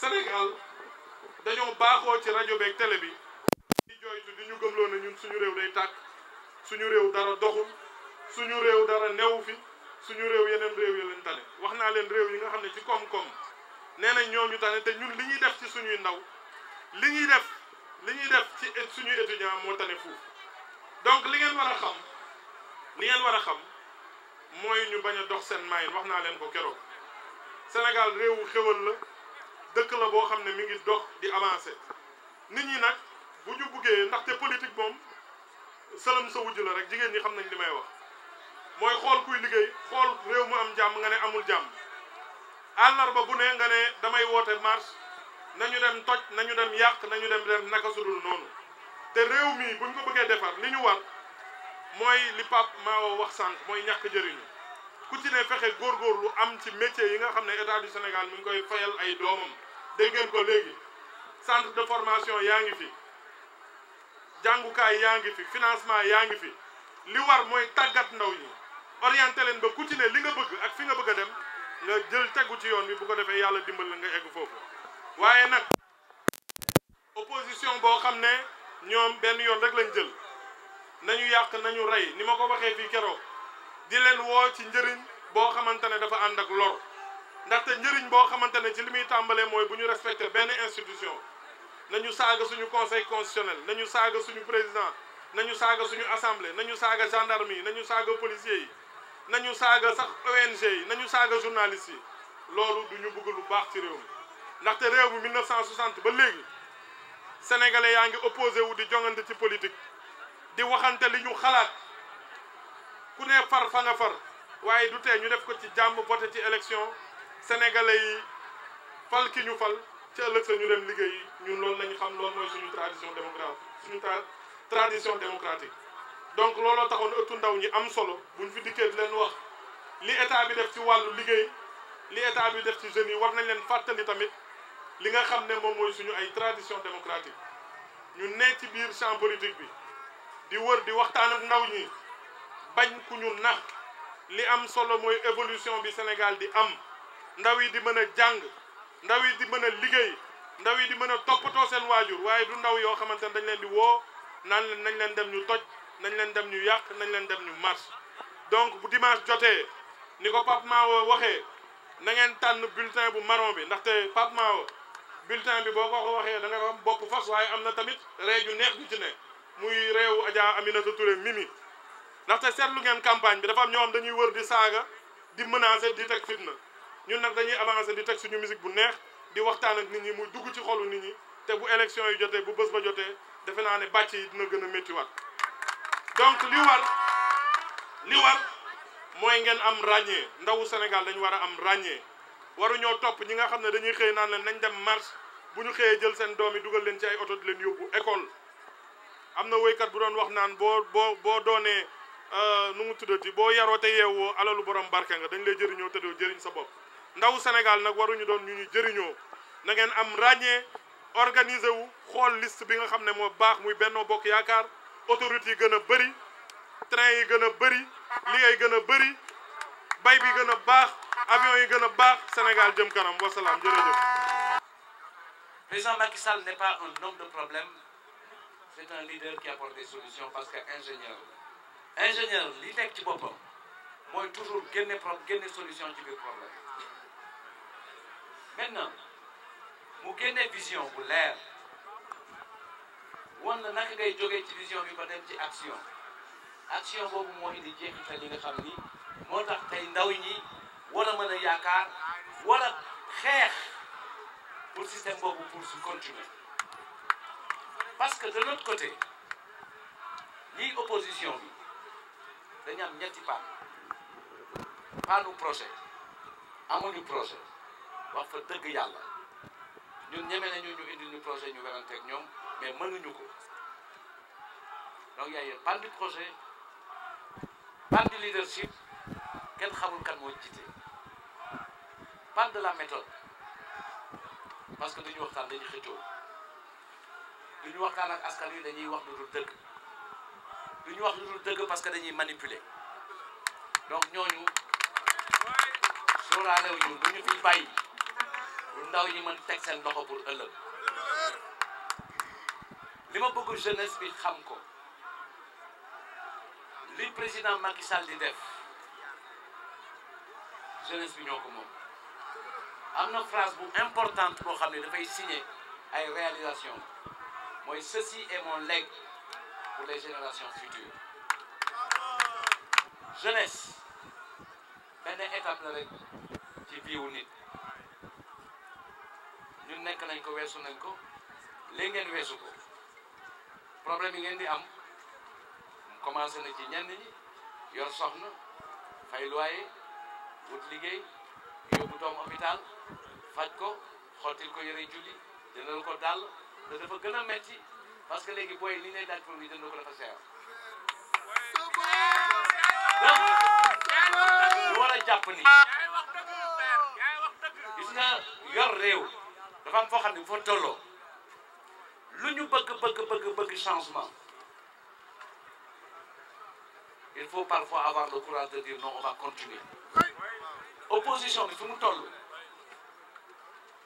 Sénégal dañoo baaxoo ci rajo beeg télé bi di jooytu di ñu gëmloo ne ñun suñu réew day tàkk suñu réew dara doxul suñu réew dara newu fi suñu réew yeneen réew yi lañ tane wax naa leen réew yi nga xam ne ci koom-koom ñoom ñu ñooñu tane te ñun li ñuy def ci suñuy ndaw li ñuy def li ñuy def ci suñuy étudiant moo tane foofu donc li ngeen war a xam war xam mooy ñu bañ a dox seen mayin wax naa leen ko keroog Sénégal réewu xéwal la dëkk la boo xam ne mi ngi dox di avancé nit ñi nag bu ñu buggee ndaxte politique moom sëlëm sa wujj la rek jigéen ñi xam nañ di may wax mooy xool kuy liggéey xool réew mu am jàmm nga ne amul jàmm àllarba bu ne nga ne damay woote marche nañu dem toj nañu dem yàq nañu dem dem naka sudul noonu te réew mi buñ ko bëggee defar ni ñu war mooy li Pape Mahawa wax sànq mooy ñàkk jëriñu ku ci ne fexe lu am ci métier yi nga xam ne état du Sénégal mi koy fayal ay doomam dégg ngeen ko léegi centre de formation yaa ngi fi jàngukaay yaa ngi fi financement yaa ngi fi li war mooy tàggat ndaw ñi orienté leen ba ku li nga bëgg ak fi nga bëgg a dem nga jël tegu ci yoon bi bu ko defee yàlla dimbal la nga egg foofu waaye nag opposition boo xam ne ñoom benn yoon rek lañ jël nañu yàq nañu rey ni ma ko waxee fii keroog di leen woo ci njëriñ boo xamante ne dafa ànd ak lor ndaxte njëriñ boo xamante ne ci li muy tàmbalee mooy bu ñu respecté benn institution nañu saaga suñu conseil constitutionnel nañu saaga suñu président nañu saaga suñu assemblée nañu saaga gendarmerie nañu saaga policiers yi nañu saaga sax ONG yi nañu saaga journalistes yi loolu du ñu bëgg lu baax ci réew mi ndaxte réew mi 1960 ba léegi sénégalais yaa ngi opposé wu di jongante ci politique di waxante li ñu xalaat ku ne far fa nga far waaye du tee ñu def ko ci jàmm voté ci élection sénégalais yi fal ki ñu fal ci ëllëg sa ñu dem liggéey ñun loolu lañu xam loolu mooy suñu tradition démocratique suñu tradition démocratique donc looloo taxoon ëttu ndaw ñi am solo buñ fi dikkee di leen wax li état bi def ci wàllu liggéey li état bi def ci jeunes yi war nañ leen fàttali tamit li nga xam ne moom mooy suñu ay tradition démocratique ñu ne ci biir champ politique bi di wër di waxtaan ndaw ñi bañ ku ñu nax li am solo mooy évolution bi Sénégal di am ndaw yi di mën a jàng ndaw yi di mën a liggéey ndaw yi di mën a toppatoo seen waajur waaye du ndaw yoo xamante ne dañ leen di woo naan leen nañ leen dem ñu toj nañ leen dem ñu yàq nañ leen dem ñu marche donc bu dimanche jotee ni ko Pape Mahawa waxee na ngeen tànn bulletin bu marron bi ndaxte Pape Mahawa bi boo ko ko waxee da nga am bopp fas waaye am na tamit ree ju neex ju ci ne muy réewu na Aminata Touré Mimi ndaxte seetlu ngeen campagne bi dafa am ñoo dañuy wër di saaga di menacer di teg fitna ñun nag dañuy avancer di teg suñu musique bu neex di waxtaan ak nit ñi mu dugg ci xolu nit ñi te bu élection yi jotee bu bës ba jotee defe naa ne bàcc yi dina gën a méttiwaat donc li war mooy ngeen am ràññee ndawu Sénégal dañ war a am ràññee waruñoo topp ñi nga xam ne dañuy xëy naan leen nañ dem marche bu ñu xëyee jël seen doom yi dugal leen ci ay oto di leen yóbbu école am na woykat bu doon wax naan boo boo boo doonee euh, nu mu tuddati boo yaroo te yeewoo borom barke nga dañ lay jëriñoo te jëriñ sa bopp ndaw Sénégal nag waruñu doon ñu ñu jëriñoo na ngeen am ràññee organiser wu xool list bi nga xam ne moo baax muy Benno Bokk Yaakaar autoroute yi gën a bëri train yi gën a bëri liggéey gën a bëri bay bi gën a baax avion yi gën a baax Sénégal jëm kanam wasalaam jërëjëf. Président Macky Sall n'est pas un homme de problème c'est un leader qui apporte des parce que ingénieur ingénieur li nekk ci boppam mooy toujours génne pro solution ci biir problème. maintenant mu génnee vision bu leer wan na naka ngay jóge ci vision bi ba dem ci action action boobu moo indi jeexital yi nga xam ni moo tax tey ndaw ñi walla mën a yaakaar war xeex pour système boobu pour su continuer parce que de notre côté ñii opposition bi dañu am ñetti paan paanu projet amuñu projet wax fa dëgg yàlla ñu ñeme nañu ñu indil ñu projet ñu weranteeg ñoom mais mënuñu ko donc y a eu pan du projet pan du leadership kenn xamul kan moo jiite pan de la méthode parce que dañuy waxtaan dañuy xëccoo duñu waxtaan ak askan wi dañuy wax lu dul dëgg duñu wax lu dul dëgg parce que dañuy manipuler donc ñooñu sóoraale wu ñu lu ñu fi bàyyi. ndaw ñi mën teg seen loxo pour ëllëg li ma bëgg jeunesse bi xam ko li président Macky Sall di def jeunesse bi ñoo ko moom am na phrase bu importante boo xam ne dafay signer ay réalisation mooy ceci est mon legs pour les générations futures jeunesse benn étape la rek ci biiwu nit nekk nañ ko weesu nañ ko léegi ngeen weesu ko problème yi ngeen di am commencé nañ ci ñenn ñi yor soxna fay loyer wut liggéey yóbbu doom hôpital faj ko xottil ko yëre julli dinañ ko dal te gën a metti parce que léegi booy li ngay daaj pour ñu dënd ko dafa seer donc war a jàpp ni gis nga yor réew dafa foo xam ne foo tolloo lu ñu bëgg bëgg bëgg changement il faut parfois avoir opposition bi fi mu toll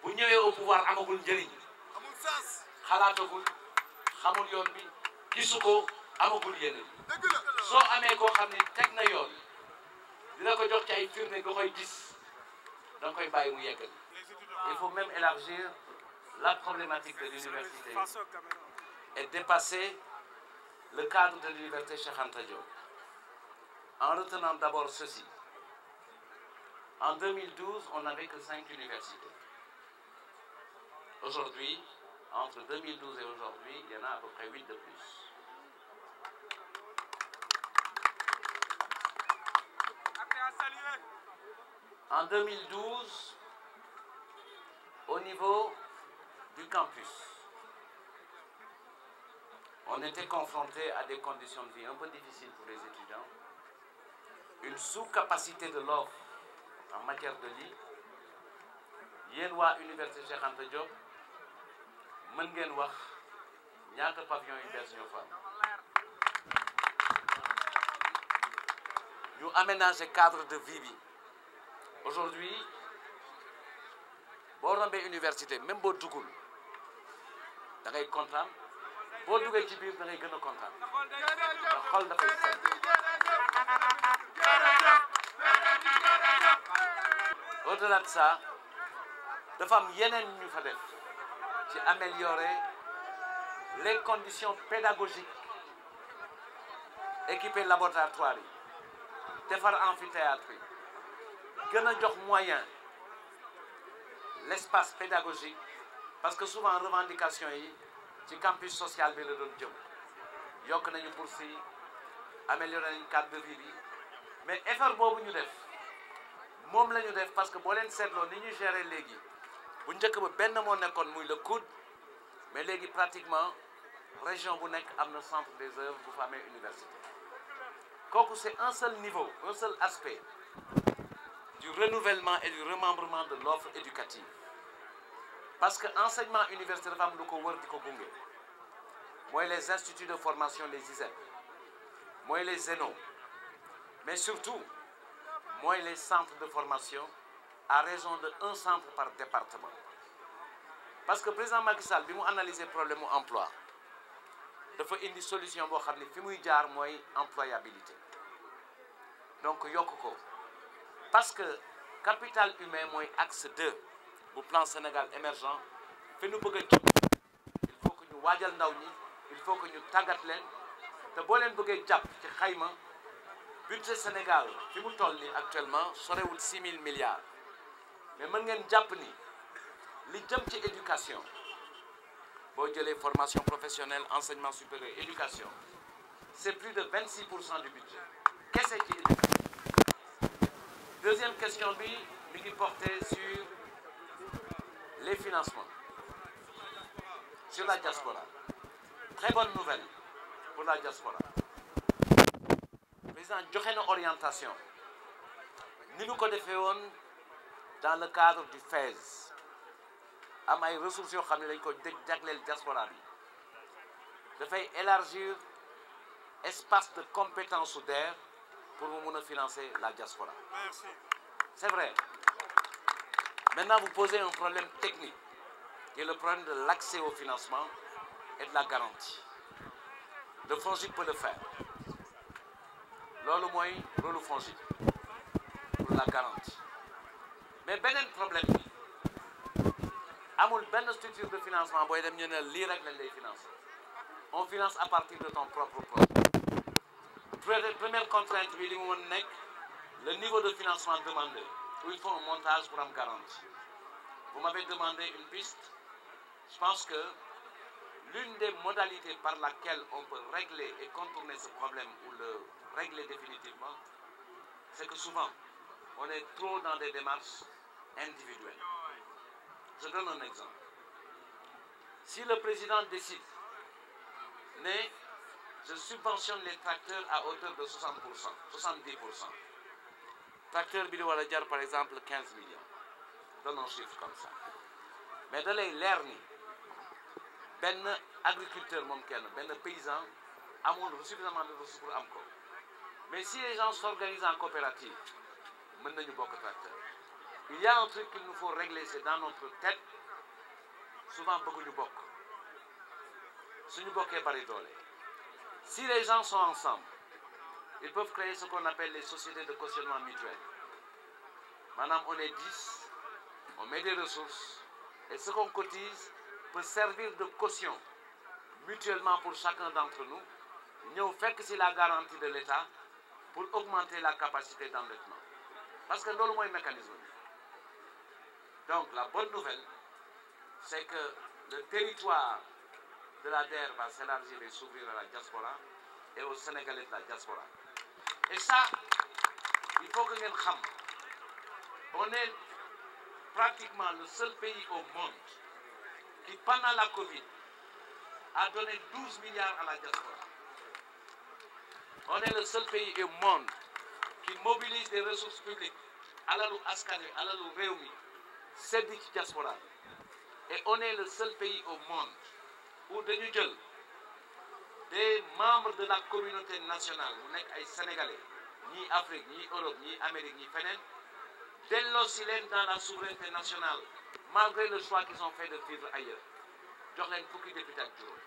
bu ñëwee au pouvoir amagul njëriñ xalaatagul xamul yoon bi gisu ko amagul yeneen soo amee koo xam ne teg na yoon dina ko jox ci ay firnde nga koy gis danga koy bàyyi mu yeggal Il faut même élargir la problématique de l'université et dépasser le cadre de l'université Cheikh Anta En retenant d'abord ceci, en on n'avait que cinq universités. Aujourd'hui, entre et aujourd'hui, il y a de plus. En au niveau du campus. On était confronté à des conditions de vie un peu difficiles pour les étudiants, une sous-capacité de l'offre en matière de lit. yéen waa Université Cheikh Anta Diop mën ngeen wax ñaata pavillon yu bees ñoo fa aménager cadre de vie bi aujourd'hui boo rombee université même boo duggul dangay ngay boo duggee ci biir da ngay gën a kontaan ndax xol dafay sedd au delà de ça dafa am yeneen ñu fa def ci améliorer les conditions pédagogiques équiper laboratoire yi defar amphithéâtre yi gën a jox moyen l'espace pédagogique parce que souvent revendication yi ci campus social bi la doon jëm yokk nañu bourse yi amélioré nañu cadre de vie bi mais effort boobu ñu def moom la ñu def parce que boo leen seetloo ni ñuy gérer léegi bu njëkk ba benn moo nekkoon muy le COUD mais léegi pratiquement région bu nekk am na centre des œuvres bu fa amee université kooku c'est un seul niveau un seul aspect du renouvellement et du remembrement de l'offre éducative parce que enseignement universitaire dafa am lu ko wër di ko gunge mooy les instituts de formation les ISEP mooy les ENO mais surtout mooy les centres de formation à raison de un centre par département parce que président Macky Sall bi mu analyser problème mu emploi dafa indi solution boo xam ne fi muy jaar mooy employabilité donc yokk ko parce que capital humain mooy axe 2 bu plan Sénégal émergent fi nu bëgg a jëm il faut que ñu waajal ndaw ñi il faut que ñu tàggat leen te boo leen bëggee jàpp ci xayma budget Sénégal fi mu toll nii actuellement sorewul 6 000 milliards mais mën ngeen jàpp ni li jëm ci éducation boo jëlee formation professionnelle enseignement supérieur éducation c'est plus de 26 pour cent du budget kese ci éducation deuxième question bi mi ngi porté sur les financements sur la diaspora très bonne nouvelle pour la diaspora président joxe na orientation ni mu ko defee woon dans le cadre du FES am ay ressources yoo xam ne dañ ko dég jagleel diaspora bi dafay élargir espace de compétence su DER pour mu mun a financer la diaspora c'est vrai maintenant vous posez un problème technique qui est le problème de l'accès au financement et de la garantie le FONGIP peut le faire loolu mooy rôle FONGIP pour la garantie mais beneen problème bi amul structure de financement booy dem ñu ne lii rek lañ lay financer on finance à partir de ton propre projet première contrainte bi li mu mën nekk le niveau de financement demandé où il montage pour am garantie vous m'avez demandé une je pense que l'une des modalités par laquelle on peut régler et contourner ce problème ou le régler définitivement c'est que souvent on est trop dans des démarches individuelles je donne un exemple si le président décide mais je subventionne les tracteurs à hauteur de 60 pour cent 70 pour cent tracteur bi di war jar par exemple 15 millions donnons chiffre comme ça mais da lay leer ni benn agriculteur moom kenn benn paysan amul suffisamment de ressources pour am ko mais si les gens s'organisent en coopérative mën nañu bokk tracteur il y a un truc qu'il nous faut régler c'est dans notre tête souvent bëgguñu bokk suñu bokkee bari doole Si les gens sont ensemble, ils peuvent créer ce qu'on appelle les sociétés de cautionnement mutuel. Madame, on est 10, on met des ressources, et ce qu'on cotise peut servir de caution mutuellement pour chacun d'entre nous. Nous fait que c'est la garantie de l'État pour augmenter la capacité d'endettement. Parce que nous avons un mécanisme. Donc la bonne nouvelle, c'est que le territoire de la DER va s'élargir et s'ouvrir à la diaspora et aux Sénégalais de la diaspora. Et ça, il faut que ngeen xam on est pratiquement le seul pays au monde qui pendant la Covid a donné 12 milliards à la diaspora. On est le seul pays au monde qui mobilise des ressources publiques alalu askan wi alalu réew mi seddi ci diaspora et on est le seul pays au monde où dañu jël des membres de la communauté nationale mu nekk ay sénégalais ñii Afrique ñii Europe ñii Amérique ñii feneen delloo si leen dans la souveraineté nationale malgré le choix qu'ils ont fait de vivre ailleurs jox leen fukki député ak juróom